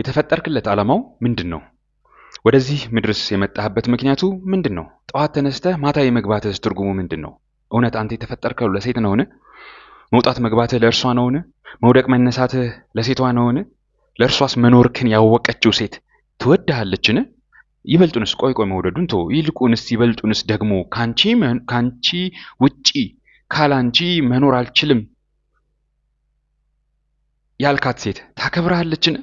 የተፈጠርክለት ዓላማው ምንድን ነው? ወደዚህ ምድርስ የመጣህበት ምክንያቱ ምንድን ነው? ጠዋት ተነስተህ ማታ የመግባትህስ ትርጉሙ ምንድን ነው? እውነት አንተ የተፈጠርከው ለሴት ነውን? መውጣት መግባትህ ለእርሷ ነውን? መውደቅ መነሳትህ ለሴቷ ነውን? ለእርሷስ መኖርክን ያወቀችው ሴት ትወድሃለችን? ይበልጡንስ ቆይ ቆይ መውደዱን ቶ ይልቁንስ ይበልጡንስ ደግሞ ካንቺ ካንቺ ውጪ ካላንቺ መኖር አልችልም ያልካት ሴት ታከብርሃለችን?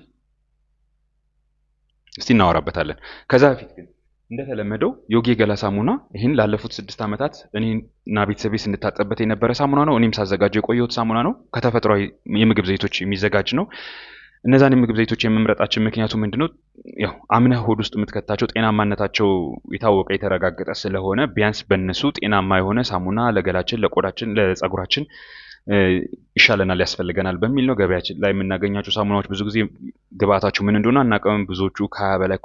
እስቲ እናወራበታለን። ከዛ በፊት ግን እንደተለመደው ዮጊ የገላ ሳሙና ይህን ላለፉት ስድስት ዓመታት እኔና ቤተሰቤ ስንታጠበት የነበረ ሳሙና ነው። እኔም ሳዘጋጀው የቆየሁት ሳሙና ነው። ከተፈጥሯዊ የምግብ ዘይቶች የሚዘጋጅ ነው። እነዛን የምግብ ዘይቶች የመምረጣችን ምክንያቱ ምንድነው? ያው አምነህ ሆድ ውስጥ የምትከታቸው ጤናማነታቸው የታወቀ የተረጋገጠ ስለሆነ ቢያንስ በእነሱ ጤናማ የሆነ ሳሙና ለገላችን፣ ለቆዳችን፣ ለፀጉራችን ይሻለናል፣ ያስፈልገናል በሚል ነው። ገበያችን ላይ የምናገኛቸው ሳሙናዎች ብዙ ጊዜ ግብአታቸው ምን እንደሆነ አናቀምም ብዙዎቹ ከሀያ በላይ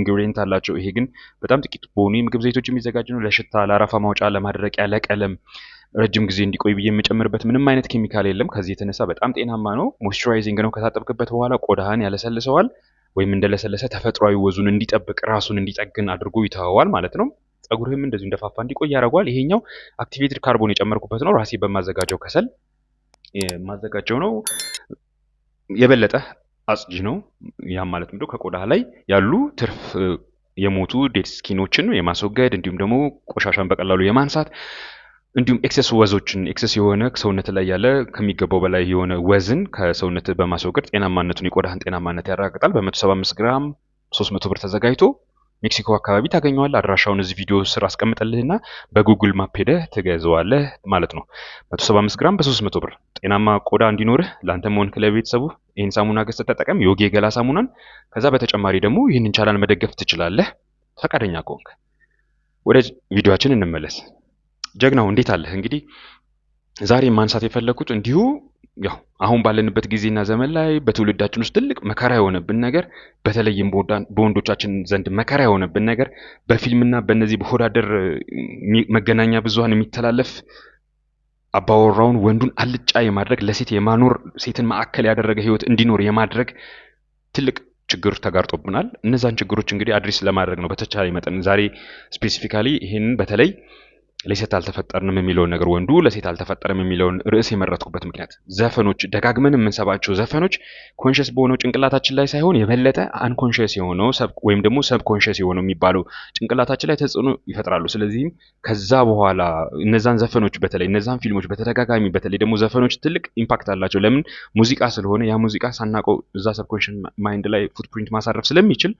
ኢንግሪዲየንት አላቸው። ይሄ ግን በጣም ጥቂት በሆኑ የምግብ ዘይቶች የሚዘጋጅ ነው። ለሽታ፣ ለአረፋ ማውጫ፣ ለማድረቂያ፣ ለቀለም ረጅም ጊዜ እንዲቆይ ብዬ የምጨምርበት ምንም አይነት ኬሚካል የለም። ከዚህ የተነሳ በጣም ጤናማ ነው። ሞይስቸራይዚንግ ነው። ከታጠብክበት በኋላ ቆዳህን ያለሰልሰዋል ወይም እንደለሰለሰ ተፈጥሯዊ ወዙን እንዲጠብቅ ራሱን እንዲጠግን አድርጎ ይተዋዋል ማለት ነው። ጸጉርህም እንደዚሁ እንደፋፋ እንዲቆይ ያደርገዋል። ይሄኛው አክቲቬትድ ካርቦን የጨመርኩበት ነው። ራሴ በማዘጋጀው ከሰል ማዘጋጀው ነው። የበለጠ አጽጅ ነው። ያ ማለት ምንድነው ከቆዳ ላይ ያሉ ትርፍ የሞቱ ዴድ ስኪኖችን የማስወገድ እንዲሁም ደግሞ ቆሻሻን በቀላሉ የማንሳት እንዲሁም ኤክሰስ ወዞችን ኤክሰስ የሆነ ሰውነት ላይ ያለ ከሚገባው በላይ የሆነ ወዝን ከሰውነት በማስወገድ ጤናማነቱን የቆዳህን ጤናማነት ያረጋግጣል። በ175 ግራም 300 ብር ተዘጋጅቶ ሜክሲኮ አካባቢ ታገኘዋለህ። አድራሻውን እዚህ ቪዲዮ ስር አስቀምጠልህና በጉግል ማፕ ሄደህ ትገዘዋለህ ማለት ነው። 175 ግራም በ300 ብር። ጤናማ ቆዳ እንዲኖርህ ለአንተም ሆንክ ለቤተሰቡ ይህን ሳሙና ገዝተህ ተጠቀም። የወጌ ገላ ሳሙናን። ከዛ በተጨማሪ ደግሞ ይህንን ቻናል መደገፍ ትችላለህ ፈቃደኛ ከሆንክ። ወደ ቪዲዮችን እንመለስ። ጀግናው እንዴት አለህ? እንግዲህ ዛሬ ማንሳት የፈለኩት እንዲሁ ያው አሁን ባለንበት ጊዜና ዘመን ላይ በትውልዳችን ውስጥ ትልቅ መከራ የሆነብን ነገር በተለይም በወንዶቻችን ዘንድ መከራ የሆነብን ነገር በፊልምና በእነዚህ በሆዳደር መገናኛ ብዙሀን የሚተላለፍ አባወራውን ወንዱን አልጫ የማድረግ ለሴት የማኖር ሴትን ማዕከል ያደረገ ህይወት እንዲኖር የማድረግ ትልቅ ችግር ተጋርጦብናል። እነዛን ችግሮች እንግዲህ አድሬስ ለማድረግ ነው በተቻለ መጠን ዛሬ ስፔሲፊካሊ ይህንን በተለይ ለሴት አልተፈጠርንም የሚለውን ነገር ወንዱ ለሴት አልተፈጠርም የሚለውን ርዕስ የመረጥኩበት ምክንያት ዘፈኖች ደጋግመን የምንሰባቸው ዘፈኖች ኮንሽስ በሆነው ጭንቅላታችን ላይ ሳይሆን የበለጠ አንኮንሽስ የሆነው ወይም ደግሞ ሰብ ኮንሽስ የሆነው የሚባለው ጭንቅላታችን ላይ ተጽዕኖ ይፈጥራሉ። ስለዚህም ከዛ በኋላ እነዛን ዘፈኖች በተለይ እነዛን ፊልሞች በተደጋጋሚ በተለይ ደግሞ ዘፈኖች ትልቅ ኢምፓክት አላቸው። ለምን ሙዚቃ ስለሆነ ያ ሙዚቃ ሳናውቀው እዛ ሰብኮንሽን ማይንድ ላይ ፉትፕሪንት ማሳረፍ ስለሚችል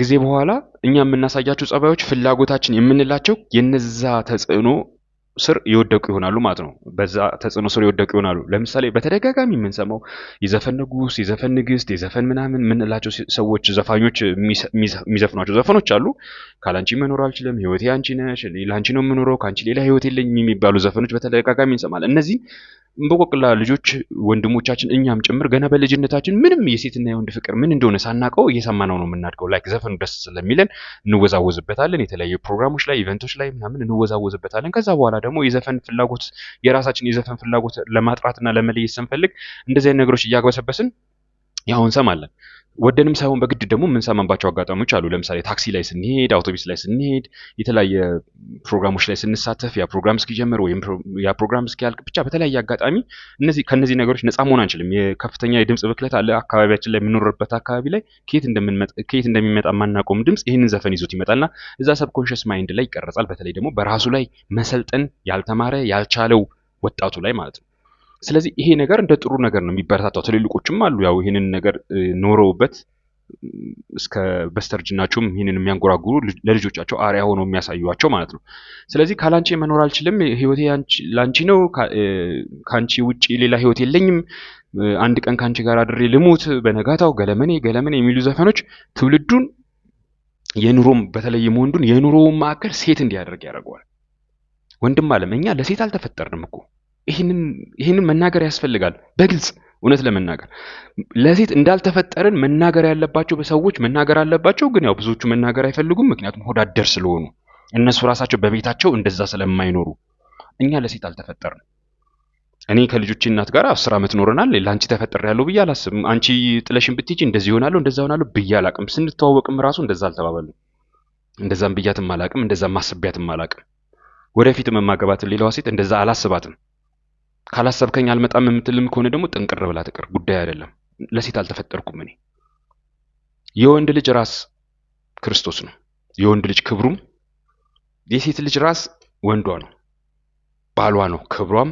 ጊዜ በኋላ እኛ የምናሳያቸው ጸባዮች ፍላጎታችን የምንላቸው የነዛ ተጽዕኖ ስር የወደቁ ይሆናሉ ማለት ነው። በዛ ተጽዕኖ ስር የወደቁ ይሆናሉ። ለምሳሌ በተደጋጋሚ የምንሰማው የዘፈን ንጉስ፣ የዘፈን ንግስት፣ የዘፈን ምናምን የምንላቸው ሰዎች ዘፋኞች የሚዘፍኗቸው ዘፈኖች አሉ። ካላንቺ መኖር አልችልም፣ ህይወቴ አንቺ ነሽ፣ ለአንቺ ነው የምኖረው፣ ከአንቺ ሌላ ህይወት የለኝም የሚባሉ ዘፈኖች በተደጋጋሚ እንሰማለን። እነዚህ እንበቆቅላ ልጆች ወንድሞቻችን እኛም ጭምር ገና በልጅነታችን ምንም የሴትና የወንድ ፍቅር ምን እንደሆነ ሳናቀው እየሰማነው ነው የምናድገው። ላይክ ዘፈኑ ደስ ስለሚለን እንወዛወዝበታለን። የተለያዩ ፕሮግራሞች ላይ ኢቨንቶች ላይ ምናምን እንወዛወዝበታለን። ከዛ በኋላ ደግሞ የዘፈን ፍላጎት የራሳችን የዘፈን ፍላጎት ለማጥራትና ለመለየት ስንፈልግ እንደዚህ አይነት ነገሮች እያግበሰበስን ያው እንሰማለን። ወደንም ሳይሆን በግድ ደግሞ የምንሰማባቸው አጋጣሚዎች አሉ። ለምሳሌ ታክሲ ላይ ስንሄድ፣ አውቶቡስ ላይ ስንሄድ፣ የተለያየ ፕሮግራሞች ላይ ስንሳተፍ ያ ፕሮግራም እስኪጀምር ወይም ያ ፕሮግራም እስኪያልቅ ብቻ በተለያየ አጋጣሚ እነዚህ ከእነዚህ ነገሮች ነፃ መሆን አንችልም። የከፍተኛ የድምፅ ብክለት አለ። አካባቢያችን ላይ የምንኖርበት አካባቢ ላይ ከየት እንደሚመጣ የማናቆም ድምፅ ይህንን ዘፈን ይዞት ይመጣልና እዛ ሰብኮንሽስ ማይንድ ላይ ይቀረጻል። በተለይ ደግሞ በራሱ ላይ መሰልጠን ያልተማረ ያልቻለው ወጣቱ ላይ ማለት ነው። ስለዚህ ይሄ ነገር እንደ ጥሩ ነገር ነው የሚበረታታው። ትልልቆችም አሉ ያው ይህንን ነገር ኖረውበት እስከ በስተርጅናቸውም ይህንን የሚያንጎራጉሩ ለልጆቻቸው አሪያ ሆነው የሚያሳዩቸው ማለት ነው። ስለዚህ ካላንቺ መኖር አልችልም፣ ህይወቴ ላንቺ ነው፣ ከአንቺ ውጭ ሌላ ህይወት የለኝም፣ አንድ ቀን ከአንቺ ጋር አድሬ ልሙት፣ በነጋታው ገለመኔ ገለመኔ የሚሉ ዘፈኖች ትውልዱን የኑሮም በተለይም ወንዱን የኑሮውን ማዕከል ሴት እንዲያደርግ ያደርገዋል። ወንድም አለም እኛ ለሴት አልተፈጠርንም እኮ ይህንን መናገር ያስፈልጋል በግልጽ እውነት ለመናገር ለሴት እንዳልተፈጠርን መናገር ያለባቸው በሰዎች መናገር አለባቸው። ግን ያው ብዙዎቹ መናገር አይፈልጉም፣ ምክንያቱም ሆዳደር ስለሆኑ እነሱ ራሳቸው በቤታቸው እንደዛ ስለማይኖሩ እኛ ለሴት አልተፈጠርን እኔ ከልጆች እናት ጋር አስር ዓመት ኖረናል። ለአንቺ ተፈጠር ያለው ብዬ አላስብም። አንቺ ጥለሽን ብትሄጂ እንደዚህ ይሆናለሁ እንደዛ ይሆናለሁ ብዬ አላቅም። ስንተዋወቅም ራሱ እንደዛ አልተባባልንም። እንደዛም ብያትም አላቅም፣ እንደዛም ማስቢያትም አላቅም። ወደፊትም የማገባትን ሌላዋ ሴት እንደዛ አላስባትም። ካላሰብከኝ አልመጣም የምትልም ከሆነ ደግሞ ጥንቅር ብላ ትቅር። ጉዳይ አይደለም። ለሴት አልተፈጠርኩም እኔ። የወንድ ልጅ ራስ ክርስቶስ ነው። የወንድ ልጅ ክብሩም፣ የሴት ልጅ ራስ ወንዷ ነው፣ ባሏ ነው፣ ክብሯም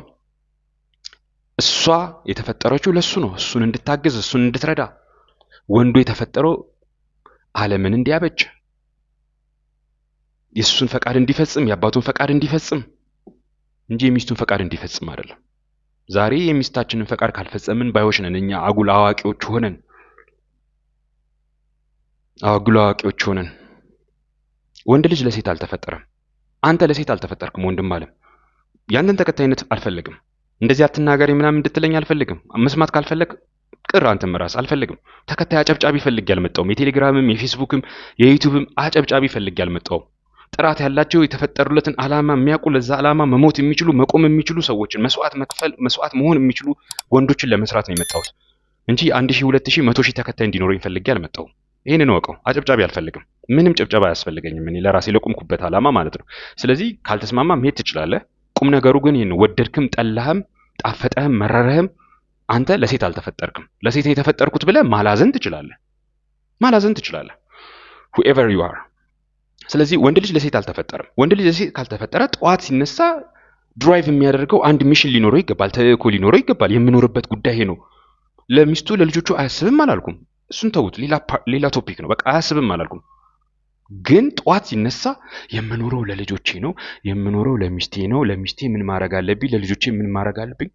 እሷ የተፈጠረችው ለሱ ነው። እሱን እንድታግዝ እሱን እንድትረዳ። ወንዱ የተፈጠረው ዓለምን እንዲያበጭ የእሱን ፈቃድ እንዲፈጽም የአባቱን ፈቃድ እንዲፈጽም እንጂ የሚስቱን ፈቃድ እንዲፈጽም አይደለም። ዛሬ የሚስታችንን ፈቃድ ካልፈጸምን ባዮች ነን እኛ አጉል አዋቂዎች ሆነን አጉል አዋቂዎች ሆነን። ወንድ ልጅ ለሴት አልተፈጠረም። አንተ ለሴት አልተፈጠርክም ወንድም አለም። ያንተን ተከታይነት አልፈልግም። እንደዚህ አትናገሪ ምናምን እንድትለኝ አልፈልግም። መስማት ካልፈለግ ቅር አንተ ራስ አልፈልግም። ተከታይ አጨብጫቢ ፈልጌ አልመጣውም። የቴሌግራምም የፌስቡክም የዩቲዩብም አጨብጫቢ ፈልግ አልመጣውም። ጥራት ያላቸው የተፈጠሩለትን ዓላማ የሚያውቁ ለዛ ዓላማ መሞት የሚችሉ መቆም የሚችሉ ሰዎችን መስዋዕት መክፈል መስዋዕት መሆን የሚችሉ ወንዶችን ለመስራት ነው የመጣሁት እንጂ አንድ ሺህ ሁለት ሺህ መቶ ሺህ ተከታይ እንዲኖረኝ ፈልጌ አልመጣሁም። ይህንን እወቀው። አጨብጫቢ አልፈልግም። ምንም ጭብጨባ አያስፈልገኝም። እኔ ለራሴ ለቁምኩበት ዓላማ ማለት ነው። ስለዚህ ካልተስማማ መሄድ ትችላለህ። ቁም ነገሩ ግን ይህን ወደድክም፣ ጠላህም፣ ጣፈጠህም፣ መረረህም አንተ ለሴት አልተፈጠርክም። ለሴት የተፈጠርኩት ብለህ ማላዘን ትችላለህ። ማላዘን ትችላለህ ሁኤቨር ዩ አር ስለዚህ ወንድ ልጅ ለሴት አልተፈጠረም። ወንድ ልጅ ለሴት ካልተፈጠረ ጠዋት ሲነሳ ድራይቭ የሚያደርገው አንድ ሚሽን ሊኖረው ይገባል፣ ተልእኮ ሊኖረው ይገባል። የምኖርበት ጉዳይ ነው። ለሚስቱ ለልጆቹ አያስብም አላልኩም። እሱን ተውት፣ ሌላ ቶፒክ ነው። በቃ አያስብም አላልኩም። ግን ጠዋት ሲነሳ የምኖረው ለልጆቼ ነው፣ የምኖረው ለሚስቴ ነው። ለሚስቴ ምን ማድረግ አለብኝ? ለልጆቼ ምን ማድረግ አለብኝ?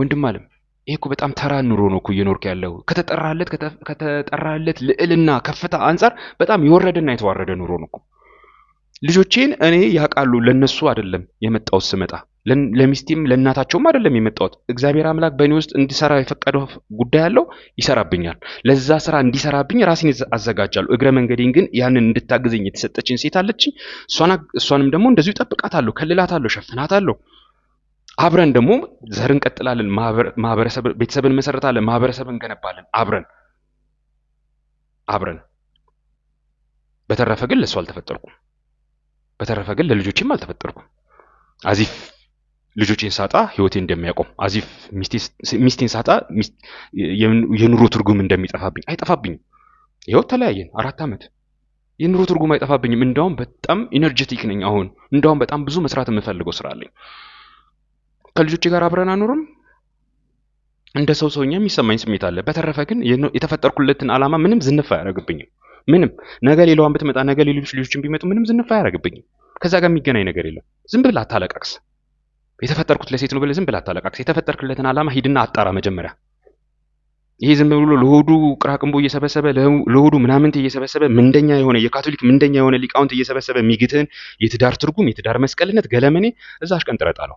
ወንድም አለም ይሄ እኮ በጣም ተራ ኑሮ ነው እኮ እየኖርክ ያለው። ከተጠራለት ከተጠራለት ልዕልና ከፍታ አንጻር በጣም የወረደና የተዋረደ ኑሮ ነው እኮ። ልጆቼን እኔ ያውቃሉ። ለነሱ አይደለም የመጣሁት ስመጣ፣ ለሚስቴም ለእናታቸውም አይደለም የመጣሁት። እግዚአብሔር አምላክ በእኔ ውስጥ እንዲሰራ የፈቀደው ጉዳይ አለው፣ ይሰራብኛል። ለዛ ስራ እንዲሰራብኝ ራሴን አዘጋጃለሁ። እግረ መንገዴን ግን ያንን እንድታግዘኝ የተሰጠችን ሴት አለችኝ። እሷንም ደግሞ እንደዚሁ ጠብቃታለሁ፣ ከልላታለሁ፣ ሸፍናታለሁ። አብረን ደግሞ ዘር እንቀጥላለን፣ ማህበረሰብ ቤተሰብን እንመሰረታለን፣ ማህበረሰብ እንገነባለን። አብረን አብረን በተረፈ ግን ለእሱ አልተፈጠርኩም። በተረፈ ግን ለልጆችም አልተፈጠርኩም። አዚፍ ልጆቼን ሳጣ ህይወቴ እንደሚያቆም አዚፍ ሚስቴን ሳጣ የኑሮ ትርጉም እንደሚጠፋብኝ አይጠፋብኝም። ይኸው ተለያየን አራት ዓመት የኑሮ ትርጉም አይጠፋብኝም። እንዳውም በጣም ኢነርጀቲክ ነኝ አሁን። እንዳውም በጣም ብዙ መስራት የምፈልገው ስራ አለኝ። ከልጆች ጋር አብረን አኖርም። እንደ ሰው ሰውኛ የሚሰማኝ ስሜት አለ። በተረፈ ግን የተፈጠርኩለትን ዓላማ ምንም ዝንፍ አያደርግብኝም። ምንም ነገ ሌላዋን ብትመጣ፣ ነገ ሌሎች ልጆችን ቢመጡ ምንም ዝንፍ አያደርግብኝም። ከዛ ጋር የሚገናኝ ነገር የለም። ዝም ብላ አታለቃቅስ። የተፈጠርኩት ለሴት ነው ብለህ ዝም ብላ አታለቃቅስ። የተፈጠርክለትን ዓላማ ሂድና አጣራ መጀመሪያ። ይሄ ዝም ብሎ ለሆዱ ቅራቅንቦ እየሰበሰበ ለሆዱ ምናምንት እየሰበሰበ ምንደኛ የሆነ የካቶሊክ ምንደኛ የሆነ ሊቃውንት እየሰበሰበ የሚግትህን የትዳር ትርጉም የትዳር መስቀልነት ገለመኔ እዛሽ ቀን ጥረጣለሁ።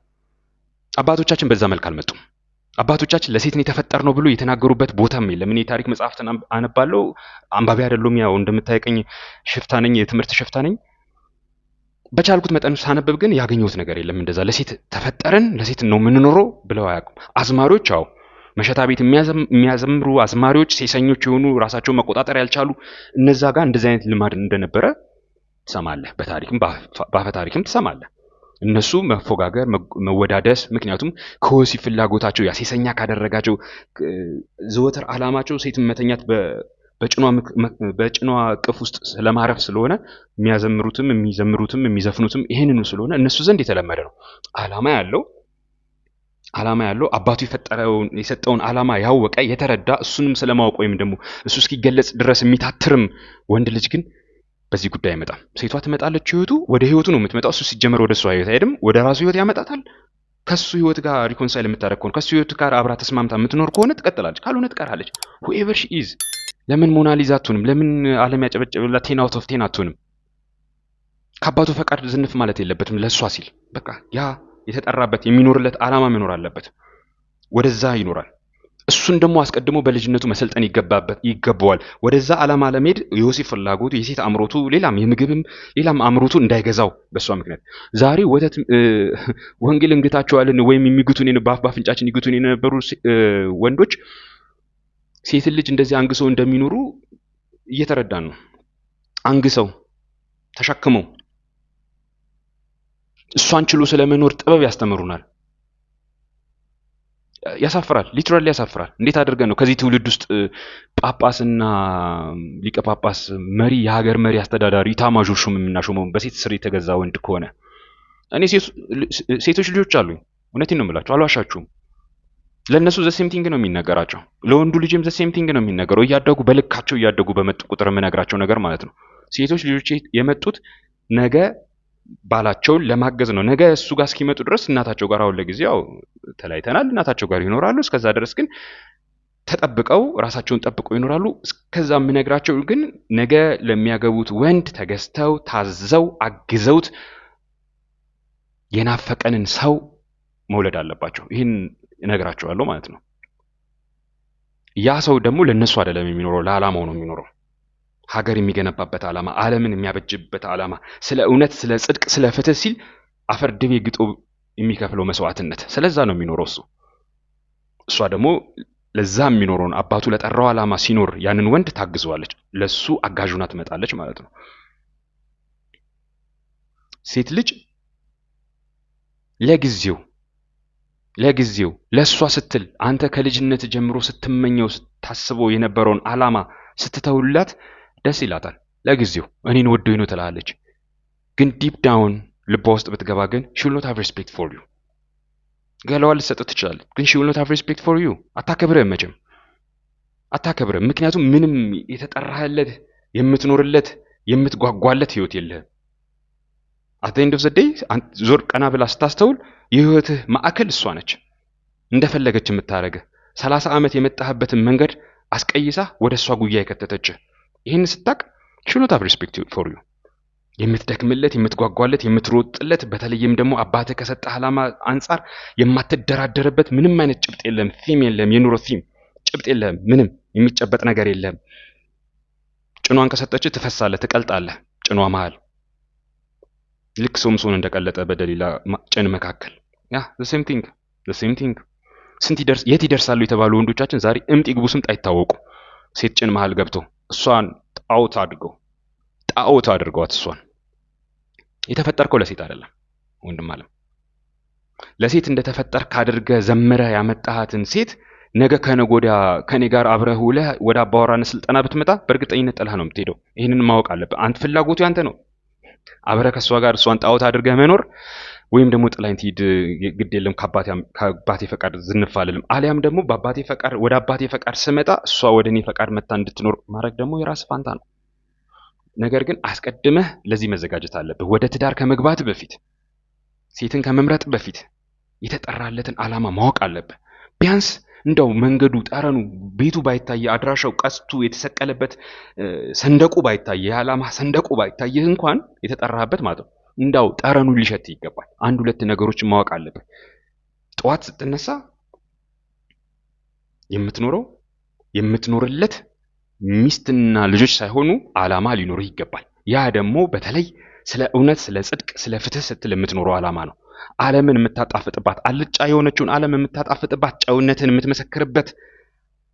አባቶቻችን በዛ መልክ አልመጡም። አባቶቻችን ለሴት የተፈጠር ነው ብሎ የተናገሩበት ቦታም የለም። እኔ የታሪክ መጽሐፍትን አነባለሁ፣ አንባቢ አይደለሁም። ያው እንደምታይቀኝ ሽፍታ ነኝ፣ የትምህርት ሽፍታ ነኝ። በቻልኩት መጠን ሳነብብ ግን ያገኘሁት ነገር የለም። እንደዛ ለሴት ተፈጠረን ለሴት ነው የምንኖረው ብለው አያውቁም። አዝማሪዎች አው መሸታ ቤት የሚያዘምሩ አዝማሪዎች፣ ሴሰኞች የሆኑ ራሳቸውን መቆጣጠር ያልቻሉ እነዛ ጋር እንደዚህ አይነት ልማድ እንደነበረ ትሰማለህ። በታሪክም በአፈ ታሪክም ትሰማለህ። እነሱ መፎጋገር፣ መወዳደስ ምክንያቱም ከወሲብ ፍላጎታቸው ያሴሰኛ ካደረጋቸው ዘወትር አላማቸው ሴት መተኛት በጭኗ እቅፍ ውስጥ ስለማረፍ ስለሆነ የሚያዘምሩትም የሚዘምሩትም የሚዘፍኑትም ይህንኑ ስለሆነ እነሱ ዘንድ የተለመደ ነው። አላማ ያለው አላማ ያለው አባቱ የፈጠረውን የሰጠውን አላማ ያወቀ የተረዳ እሱንም ስለማወቅ ወይም ደግሞ እሱ እስኪገለጽ ድረስ የሚታትርም ወንድ ልጅ ግን በዚህ ጉዳይ አይመጣም። ሴቷ ትመጣለች ህይወቱ ወደ ህይወቱ ነው የምትመጣው። እሱ ሲጀመር ወደ እሷ ህይወት አይሄድም፣ ወደ ራሱ ህይወት ያመጣታል። ከሱ ህይወት ጋር ሪኮንሳይል የምታደርግ ከሆነ ከሱ ህይወት ጋር አብራ ተስማምታ የምትኖር ከሆነ ትቀጥላለች፣ ካልሆነ ትቀራለች። ሁኤቨር ሺ ኢዝ ለምን ሞናሊዛ አትሆንም? ለምን አለም ያጨበጨበላ ቴን አውት ኦፍ ቴን አትሆንም? ከአባቱ ፈቃድ ዝንፍ ማለት የለበትም ለእሷ ሲል በቃ ያ የተጠራበት የሚኖርለት አላማ መኖር አለበት። ወደዛ ይኖራል። እሱን ደግሞ አስቀድሞ በልጅነቱ መሰልጠን ይገባበት ይገባዋል። ወደዛ ዓላማ ለመሄድ ዮሴፍ ፍላጎቱ የሴት አምሮቱ፣ ሌላም የምግብም ሌላም አምሮቱ እንዳይገዛው በእሷ ምክንያት ዛሬ ወተት ወንጌል እንግታቸዋልን ወይም የሚግቱን በአፍ በአፍንጫችን ይግቱን የነበሩ ወንዶች ሴት ልጅ እንደዚህ አንግሰው እንደሚኖሩ እየተረዳን ነው። አንግሰው ተሸክመው እሷን ችሎ ስለመኖር ጥበብ ያስተምሩናል። ያሳፍራል። ሊትራሊ ያሳፍራል። እንዴት አድርገን ነው ከዚህ ትውልድ ውስጥ ጳጳስና ሊቀ ጳጳስ መሪ፣ የሀገር መሪ፣ አስተዳዳሪ ታማዦር ሹም በሴት ስር የተገዛ ወንድ ከሆነ እኔ ሴቶች ልጆች አሉኝ። እውነቴን ነው የምላቸው፣ አልዋሻችሁም። ለእነሱ ዘሴምቲንግ ነው የሚነገራቸው። ለወንዱ ልጅም ዘሴምቲንግ ነው የሚነገረው። እያደጉ በልካቸው እያደጉ በመጡ ቁጥር የምነግራቸው ነገር ማለት ነው። ሴቶች ልጆች የመጡት ነገ ባላቸውን ለማገዝ ነው። ነገ እሱ ጋር እስኪመጡ ድረስ እናታቸው ጋር አሁን ለጊዜ ያው ተለያይተናል፣ እናታቸው ጋር ይኖራሉ። እስከዛ ድረስ ግን ተጠብቀው ራሳቸውን ጠብቀው ይኖራሉ። እስከዛ የምነግራቸው ግን ነገ ለሚያገቡት ወንድ ተገዝተው ታዘው አግዘውት የናፈቀንን ሰው መውለድ አለባቸው። ይህን እነግራቸዋለሁ ማለት ነው። ያ ሰው ደግሞ ለእነሱ አይደለም የሚኖረው፣ ለዓላማው ነው የሚኖረው። ሀገር የሚገነባበት ዓላማ፣ ዓለምን የሚያበጅበት ዓላማ፣ ስለ እውነት፣ ስለ ጽድቅ፣ ስለ ፍትህ ሲል አፈር ድቤ ግጦ የሚከፍለው መስዋዕትነት ስለዛ ነው የሚኖረው እሱ። እሷ ደግሞ ለዛ የሚኖረውን አባቱ ለጠራው ዓላማ ሲኖር ያንን ወንድ ታግዘዋለች፣ ለሱ አጋዥና ትመጣለች ማለት ነው። ሴት ልጅ ለጊዜው ለጊዜው ለእሷ ስትል አንተ ከልጅነት ጀምሮ ስትመኘው ስታስበው የነበረውን ዓላማ ስትተውላት ደስ ይላታል። ለጊዜው እኔን ወዶኝ ነው ትላለች፣ ግን ዲፕ ዳውን ልቧ ውስጥ ብትገባ ግን ሺል ኖት ሃቭ ሪስፔክት ፎር ዩ ገለዋ ልሰጥ ትችላለች፣ ግን ሺል ኖት ሃቭ ሪስፔክት ፎር ዩ አታከብርህም፣ መቼም አታከብርህም። ምክንያቱም ምንም የተጠራህለት የምትኖርለት የምትጓጓለት ህይወት የለህም። ኤንድ ኦፍ ዘ ዴይ ዞር ቀና ብላ ስታስተውል የህይወትህ ማዕከል እሷ ነች፣ እንደፈለገች የምታደርግህ ሰላሳ ዓመት የመጣህበትን መንገድ አስቀይሳ ወደ እሷ ጉያ የከተተችህ ይህን ስታቅ ሹድ ኖት ሃቭ ሪስፔክት ፎር ዩ የምትደክምለት የምትጓጓለት የምትሮጥለት በተለይም ደግሞ አባተ ከሰጠ ዓላማ አንጻር የማትደራደርበት ምንም አይነት ጭብጥ የለም። ፊም የለም፣ የኑሮ ፊም ጭብጥ የለም። ምንም የሚጨበጥ ነገር የለም። ጭኗን ከሰጠች ትፈሳለህ፣ ትቀልጣለህ ጭኗ መሃል ልክ ሶምሶን እንደቀለጠ በደሊላ ጭን መካከል ያ ሴም ቲንግ ሴም ቲንግ። ስንት የት ይደርሳሉ የተባሉ ወንዶቻችን ዛሬ እምጥ ግቡ ስምጥ አይታወቁ ሴት ጭን መሃል ገብቶ እሷን ጣዖት አድርገው ጣዖት አድርገዋት እሷን የተፈጠርከው ለሴት አይደለም ወንድም አለም ለሴት እንደተፈጠርክ አድርገ ዘምረ ያመጣሃትን ሴት ነገ ከነጎዳ ከኔ ጋር አብረህ ውለህ ወደ አባወራነት ስልጠና ብትመጣ በእርግጠኝነት ጥላህ ነው የምትሄደው። ይህንን ማወቅ አለብህ። አንተ ፍላጎቱ ያንተ ነው። አብረህ ከእሷ ጋር እሷን ጣዖት አድርገህ መኖር ወይም ደግሞ ጥላኝ ትሂድ ግድ የለም ከአባቴ ፈቃድ ዝንፍ አልልም። አሊያም ደግሞ በአባቴ ፈቃድ ወደ አባቴ ፈቃድ ስመጣ እሷ ወደ እኔ ፈቃድ መታ እንድትኖር ማድረግ ደግሞ የራስ ፋንታ ነው። ነገር ግን አስቀድመህ ለዚህ መዘጋጀት አለብህ። ወደ ትዳር ከመግባት በፊት ሴትን ከመምረጥ በፊት የተጠራለትን ዓላማ ማወቅ አለብህ። ቢያንስ እንደው መንገዱ፣ ጠረኑ፣ ቤቱ ባይታየ አድራሻው፣ ቀስቱ የተሰቀለበት ሰንደቁ ባይታየ የዓላማ ሰንደቁ ባይታየህ እንኳን የተጠራህበት ማለት ነው እንዳው ጠረኑ ሊሸት ይገባል። አንድ ሁለት ነገሮችን ማወቅ አለብህ። ጠዋት ስትነሳ የምትኖረው የምትኖርለት ሚስትና ልጆች ሳይሆኑ ዓላማ ሊኖርህ ይገባል። ያ ደግሞ በተለይ ስለ እውነት፣ ስለ ጽድቅ፣ ስለ ፍትህ ስትል የምትኖረው ዓላማ ነው። ዓለምን የምታጣፍጥባት አልጫ የሆነችውን ዓለም የምታጣፍጥባት ጨውነትን የምትመሰክርበት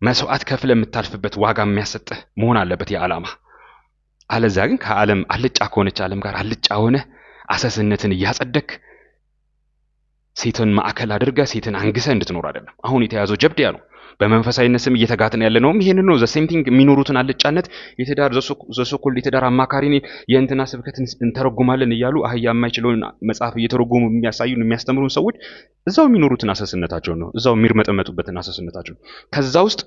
መስዋዕት ከፍለ የምታልፍበት ዋጋ የሚያሰጥህ መሆን አለበት ያ አለዛ ግን ከዓለም አልጫ ከሆነች ዓለም ጋር አልጫ ሆነ አሰስነትን እያጸደክ ሴትን ማዕከል አድርገ ሴትን አንግሰ እንድትኖር አይደለም። አሁን የተያዘው ጀብድ ያ ነው። በመንፈሳዊነት ስም እየተጋትን ያለ ነውም ይሄንን ነው። ዘሴምቲንግ የሚኖሩትን አልጫነት የትዳር ዘሶኮል የትዳር አማካሪን የእንትና ስብከት እንተረጉማለን እያሉ አህያ የማይችለውን መጽሐፍ እየተረጎሙ የሚያሳዩን የሚያስተምሩን ሰዎች እዛው የሚኖሩትን አሰስነታቸውን ነው። እዛው የሚርመጠመጡበትን አሰስነታቸውን ከዛ ውስጥ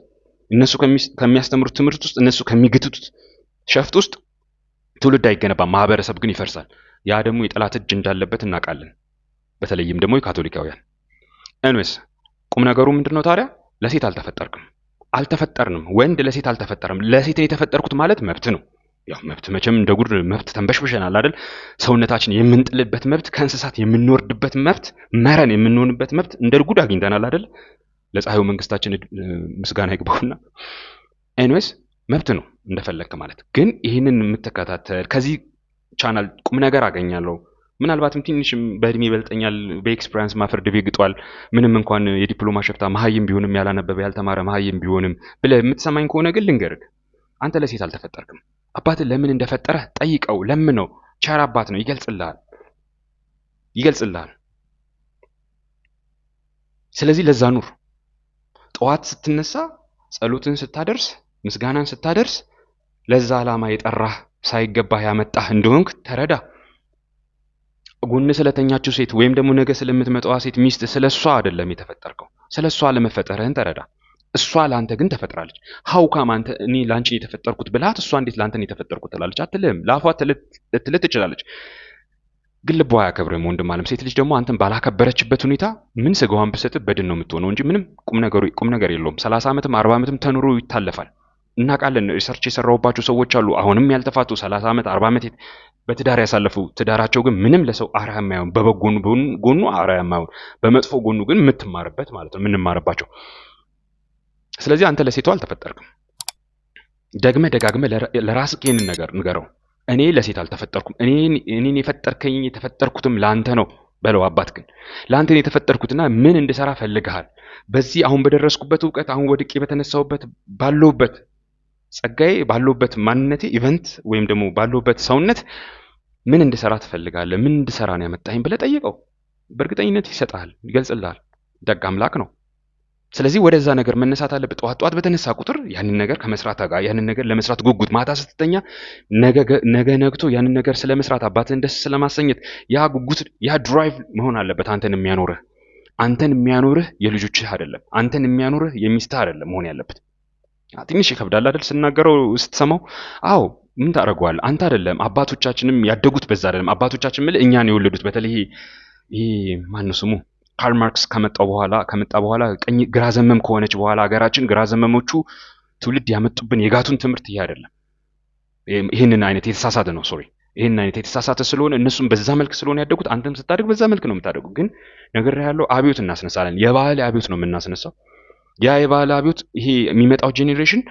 እነሱ ከሚያስተምሩት ትምህርት ውስጥ እነሱ ከሚግትቱት ሸፍጥ ውስጥ ትውልድ አይገነባም። ማህበረሰብ ግን ይፈርሳል። ያ ደግሞ የጠላት እጅ እንዳለበት እናውቃለን። በተለይም ደግሞ የካቶሊካውያን እንስ ቁም ነገሩ ምንድን ነው ታዲያ? ለሴት አልተፈጠርክም፣ አልተፈጠርንም። ወንድ ለሴት አልተፈጠርም። ለሴት የተፈጠርኩት ማለት መብት ነው። ያው መብት መቼም እንደ ጉድ መብት ተንበሽብሸናል አይደል? ሰውነታችን የምንጥልበት መብት፣ ከእንስሳት የምንወርድበት መብት፣ መረን የምንሆንበት መብት እንደ ጉድ አግኝተናል አይደል? ለፀሐዩ መንግስታችን ምስጋና ይግባውና ኤንዌስ መብት ነው እንደፈለግክ ማለት። ግን ይህንን የምትከታተል ከዚህ ቻናል ቁም ነገር አገኛለሁ። ምናልባትም ትንሽም በእድሜ ይበልጠኛል፣ በኤክስፔሪንስ ማፈርድ ግጧል ምንም እንኳን የዲፕሎማ ሸፍታ መሀይም ቢሆንም ያላነበበ ያልተማረ መሀይም ቢሆንም ብለ የምትሰማኝ ከሆነ ግን ልንገርግ፣ አንተ ለሴት አልተፈጠርክም። አባት ለምን እንደፈጠረ ጠይቀው፣ ለምነው። ቸር አባት ነው፣ ይገልጽልሃል፣ ይገልጽልሃል። ስለዚህ ለዛ ኑር። ጠዋት ስትነሳ ጸሎትን ስታደርስ፣ ምስጋናን ስታደርስ፣ ለዛ ዓላማ የጠራህ ሳይገባህ ያመጣህ እንደሆንክ ተረዳ። ጎን ስለተኛችው ሴት ወይም ደግሞ ነገ ስለምትመጣዋ ሴት ሚስት ስለ እሷ አይደለም የተፈጠርከው። ስለ እሷ ለመፈጠርህን ተረዳ። እሷ ለአንተ ግን ተፈጥራለች። ሀውካም አንተ እኔ ለአንቺ የተፈጠርኩት ብላት እሷ እንዴት ለአንተ የተፈጠርኩት ትላለች? አትልህም። ለአፏ ልትልህ ትችላለች፣ ግን ልቧ አያከብርም። ወንድም አለም ሴት ልጅ ደግሞ አንተን ባላከበረችበት ሁኔታ ምን ስጋዋን ብሰጥ በድን ነው የምትሆነው እንጂ ምንም ቁም ነገር የለውም። ሰላሳ ዓመትም አርባ ዓመትም ተኑሮ ይታለፋል። እናውቃለን። ሪሰርች የሰራውባቸው ሰዎች አሉ አሁንም ያልተፋቱ 30 ዓመት 40 ዓመት በትዳር ያሳለፉ ትዳራቸው ግን ምንም ለሰው አርአያ የማይሆን በበጎ ጎኑ አርአያ የማይሆን በመጥፎ ጎኑ ግን የምትማርበት ማለት ነው የምንማርባቸው። ስለዚህ አንተ ለሴቷ አልተፈጠርክም። ደግመ ደጋግመ ለራስ ይህንን ነገር ንገረው። እኔ ለሴት አልተፈጠርኩም። እኔን የፈጠርከኝ የተፈጠርኩትም ለአንተ ነው በለው። አባት ግን ለአንተ ነው የተፈጠርኩትና ምን እንድሰራ ፈልግሃል? በዚህ አሁን በደረስኩበት እውቀት አሁን ወድቄ በተነሳውበት ባለውበት ጸጋዬ ባለሁበት ማንነቴ ኢቨንት ወይም ደግሞ ባለሁበት ሰውነት ምን እንድሰራ ትፈልጋለህ? ምን እንድሰራ ነው ያመጣኝ ብለህ ጠይቀው። በእርግጠኝነት ይሰጣል ይገልጽልሃል። ደግ አምላክ ነው። ስለዚህ ወደዛ ነገር መነሳት አለብህ። ጠዋት ጠዋት በተነሳ ቁጥር ያንን ነገር ከመስራት ጋር ያንን ነገር ለመስራት ጉጉት፣ ማታ ስትተኛ ነገ ነግቶ ያንን ነገር ስለመስራት አባትህን ደስ ስለማሰኘት ያ ጉጉት ያ ድራይቭ መሆን አለበት አንተን የሚያኖርህ አንተን የሚያኖርህ የልጆችህ አይደለም። አንተን የሚያኖርህ የሚስትህ አይደለም መሆን ያለበት። ትንሽ ይከብዳል አይደል? ስናገረው ስትሰማው። አዎ ምን ታደርገዋል? አንተ አይደለም አባቶቻችንም ያደጉት በዛ አይደለም። አባቶቻችን ምል እኛን የወለዱት በተለይ ማን ነው ስሙ ካርል ማርክስ ከመጣው በኋላ ከመጣ በኋላ ቀኝ ግራ ዘመም ከሆነች በኋላ ሀገራችን ግራ ዘመሞቹ ትውልድ ያመጡብን የጋቱን ትምህርት ይሄ አይደለም። ይህንን አይነት የተሳሳተ ነው። ሶሪ ይህን አይነት የተሳሳተ ስለሆነ እነሱም በዛ መልክ ስለሆነ ያደጉት አንተም ስታደግ በዛ መልክ ነው የምታደጉ። ግን ነገር ያለው አብዮት እናስነሳለን። የባህል አብዮት ነው የምናስነሳው። ያ የባህል አብዮት ይሄ የሚመጣው ጄኔሬሽን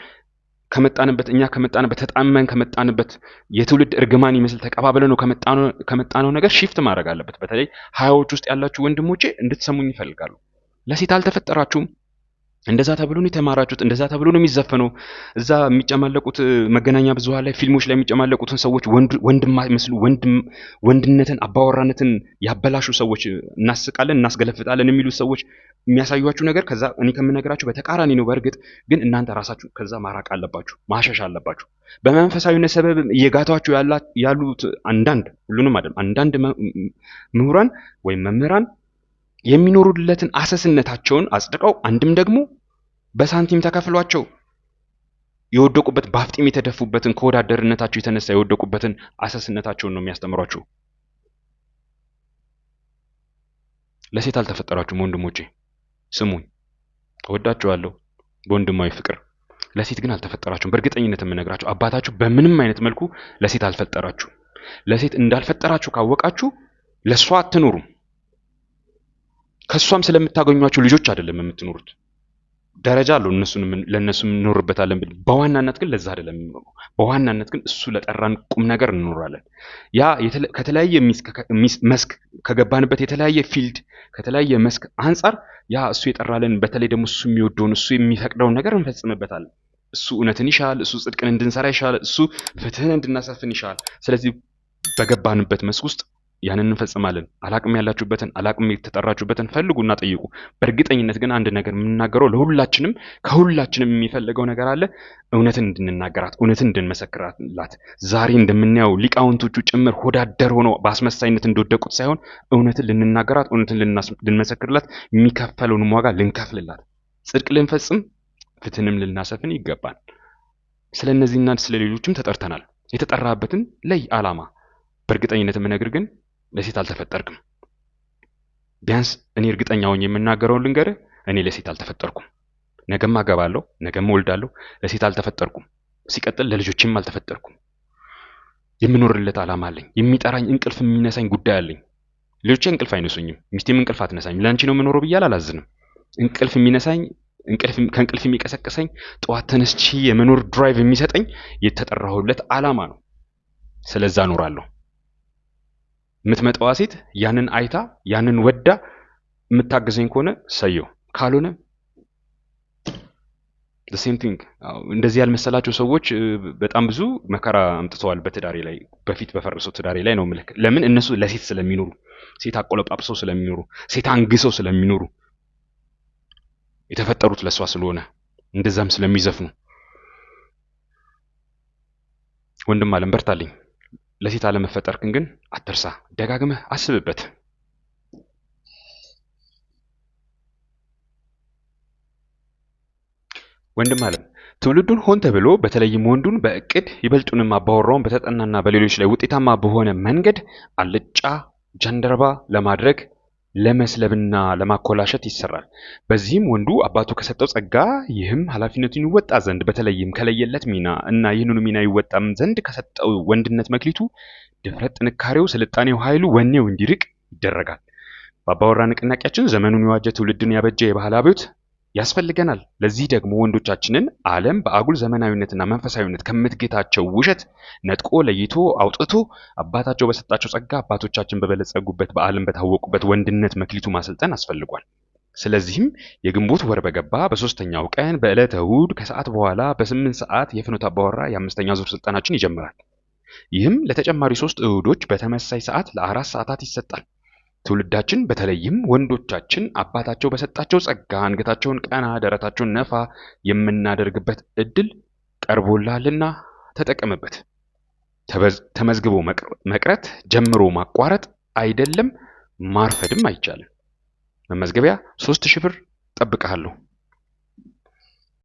ከመጣንበት እኛ ከመጣንበት ተጣመን ከመጣንበት የትውልድ እርግማን ይመስል ተቀባብለ ነው ከመጣነው ነገር ሺፍት ማድረግ አለበት። በተለይ ሀያዎች ውስጥ ያላችሁ ወንድሞቼ እንድትሰሙኝ ይፈልጋሉ። ለሴት አልተፈጠራችሁም። እንደዛ ተብሎ ነው የተማራችሁት። እንደዛ ተብሎ ነው የሚዘፈነው። እዛ የሚጨማለቁት መገናኛ ብዙኃን ላይ ፊልሞች ላይ የሚጨማለቁትን ሰዎች ወንድማ ይመስሉ ወንድነትን አባወራነትን ያበላሹ ሰዎች እናስቃለን፣ እናስገለፍጣለን የሚሉት ሰዎች የሚያሳዩችሁ ነገር ከዛ እኔ ከምነገራችሁ በተቃራኒ ነው። በእርግጥ ግን እናንተ ራሳችሁ ከዛ ማራቅ አለባችሁ፣ ማሸሽ አለባችሁ። በመንፈሳዊነት ሰበብ እየጋቷችሁ ያሉት አንዳንድ ሁሉንም አይደለም፣ አንዳንድ ምሁራን ወይም መምህራን የሚኖሩለትን አሰስነታቸውን አጽድቀው አንድም ደግሞ በሳንቲም ተከፍሏቸው የወደቁበት በአፍጢም የተደፉበትን ከወዳደርነታቸው የተነሳ የወደቁበትን አሰስነታቸውን ነው የሚያስተምሯችሁ። ለሴት አልተፈጠራችሁም ወንድሞቼ። ስሙኝ፣ እወዳችኋለሁ በወንድማዊ ፍቅር። ለሴት ግን አልተፈጠራችሁም። በእርግጠኝነት የምነግራችሁ አባታችሁ በምንም አይነት መልኩ ለሴት አልፈጠራችሁ። ለሴት እንዳልፈጠራችሁ ካወቃችሁ ለእሷ አትኖሩም። ከእሷም ስለምታገኟቸው ልጆች አይደለም የምትኖሩት። ደረጃ አለው። እነሱንም ለእነሱም እንኖርበታለን ብል በዋናነት ግን ለዛ አይደለም የሚኖረው። በዋናነት ግን እሱ ለጠራን ቁም ነገር እንኖራለን። ያ ከተለያየ መስክ ከገባንበት የተለያየ ፊልድ ከተለያየ መስክ አንጻር ያ እሱ የጠራለን በተለይ ደግሞ እሱ የሚወደውን እሱ የሚፈቅደውን ነገር እንፈጽምበታለን። እሱ እውነትን ይሻል፣ እሱ ጽድቅን እንድንሰራ ይሻል፣ እሱ ፍትህን እንድናሰፍን ይሻል። ስለዚህ በገባንበት መስክ ውስጥ ያንን እንፈጽማለን። አላቅም ያላችሁበትን አላቅም የተጠራችሁበትን ፈልጉና ጠይቁ። በእርግጠኝነት ግን አንድ ነገር የምናገረው ለሁላችንም ከሁላችንም የሚፈልገው ነገር አለ። እውነትን እንድንናገራት፣ እውነትን እንድንመሰክርላት፣ ዛሬ እንደምናየው ሊቃውንቶቹ ጭምር ሆዳደር ሆኖ በአስመሳይነት እንደወደቁት ሳይሆን እውነትን ልንናገራት፣ እውነትን ልንመሰክርላት፣ የሚከፈለውን ዋጋ ልንከፍልላት፣ ጽድቅ ልንፈጽም፣ ፍትህንም ልናሰፍን ይገባል። ስለ እነዚህና ስለ ሌሎችም ተጠርተናል። የተጠራበትን ለይ ዓላማ በእርግጠኝነት የምነግር ግን ለሴት አልተፈጠርክም። ቢያንስ እኔ እርግጠኛ ሆኜ የምናገረውን ልንገር፣ እኔ ለሴት አልተፈጠርኩም። ነገም አገባለሁ፣ ነገም ወልዳለሁ ለሴት አልተፈጠርኩም። ሲቀጥል ለልጆችም አልተፈጠርኩም። የምኖርለት ዓላማ አለኝ። የሚጠራኝ እንቅልፍ የሚነሳኝ ጉዳይ አለኝ። ልጆቼ እንቅልፍ አይነሱኝም፣ ሚስቴም እንቅልፍ አትነሳኝም። ለአንቺ ነው የምኖረው ብያል አላዝንም። እንቅልፍ የሚነሳኝ ከእንቅልፍ የሚቀሰቅሰኝ ጠዋት ተነስቼ የመኖር ድራይቭ የሚሰጠኝ የተጠራሁለት ዓላማ ነው። ስለዛ እኖራለሁ። የምትመጣዋ ሴት ያንን አይታ ያንን ወዳ የምታግዘኝ ከሆነ ሰየው፣ ካልሆነ ሴም ቲንግ። እንደዚህ ያልመሰላቸው ሰዎች በጣም ብዙ መከራ አምጥተዋል በትዳሬ ላይ በፊት በፈረሰው ትዳሬ ላይ ነው ምልክ። ለምን እነሱ ለሴት ስለሚኖሩ፣ ሴት አቆለጳጵሰው ስለሚኖሩ፣ ሴት አንግሰው ስለሚኖሩ የተፈጠሩት ለእሷ ስለሆነ እንደዛም ስለሚዘፍኑ ወንድም አለም በርታለኝ ለሴት አለመፈጠርክን ግን አትርሳ፣ ደጋግመህ አስብበት። ወንድም አለም ትውልዱን ሆን ተብሎ በተለይም ወንዱን በእቅድ ይበልጡንም አባወራውን በተጠናና በሌሎች ላይ ውጤታማ በሆነ መንገድ አልጫ ጀንደረባ ለማድረግ ለመስለብና ለማኮላሸት ይሰራል። በዚህም ወንዱ አባቱ ከሰጠው ጸጋ ይህም ኃላፊነቱን ይወጣ ዘንድ በተለይም ከለየለት ሚና እና ይህንኑ ሚና ይወጣም ዘንድ ከሰጠው ወንድነት መክሊቱ ድፍረት፣ ጥንካሬው፣ ስልጣኔው፣ ኃይሉ፣ ወኔው እንዲርቅ ይደረጋል። በአባወራ ንቅናቄያችን ዘመኑን የዋጀ ትውልድን ያበጀ የባህል አብዮት ያስፈልገናል። ለዚህ ደግሞ ወንዶቻችንን ዓለም በአጉል ዘመናዊነትና መንፈሳዊነት ከምትጌታቸው ውሸት ነጥቆ ለይቶ አውጥቶ አባታቸው በሰጣቸው ጸጋ አባቶቻችን በበለጸጉበት በዓለም በታወቁበት ወንድነት መክሊቱ ማሰልጠን አስፈልጓል። ስለዚህም የግንቦት ወር በገባ በሶስተኛው ቀን በዕለተ እሁድ ከሰዓት በኋላ በስምንት ሰዓት የፍኖተ አባወራ የአምስተኛ ዙር ስልጠናችን ይጀምራል። ይህም ለተጨማሪ ሶስት እሁዶች በተመሳይ ሰዓት ለአራት ሰዓታት ይሰጣል። ትውልዳችን በተለይም ወንዶቻችን አባታቸው በሰጣቸው ጸጋ አንገታቸውን ቀና ደረታቸውን ነፋ የምናደርግበት እድል ቀርቦላልና ተጠቀምበት። ተመዝግቦ መቅረት፣ ጀምሮ ማቋረጥ አይደለም ማርፈድም አይቻልም። መመዝገቢያ ሶስት ሺህ ብር ጠብቀሃለሁ።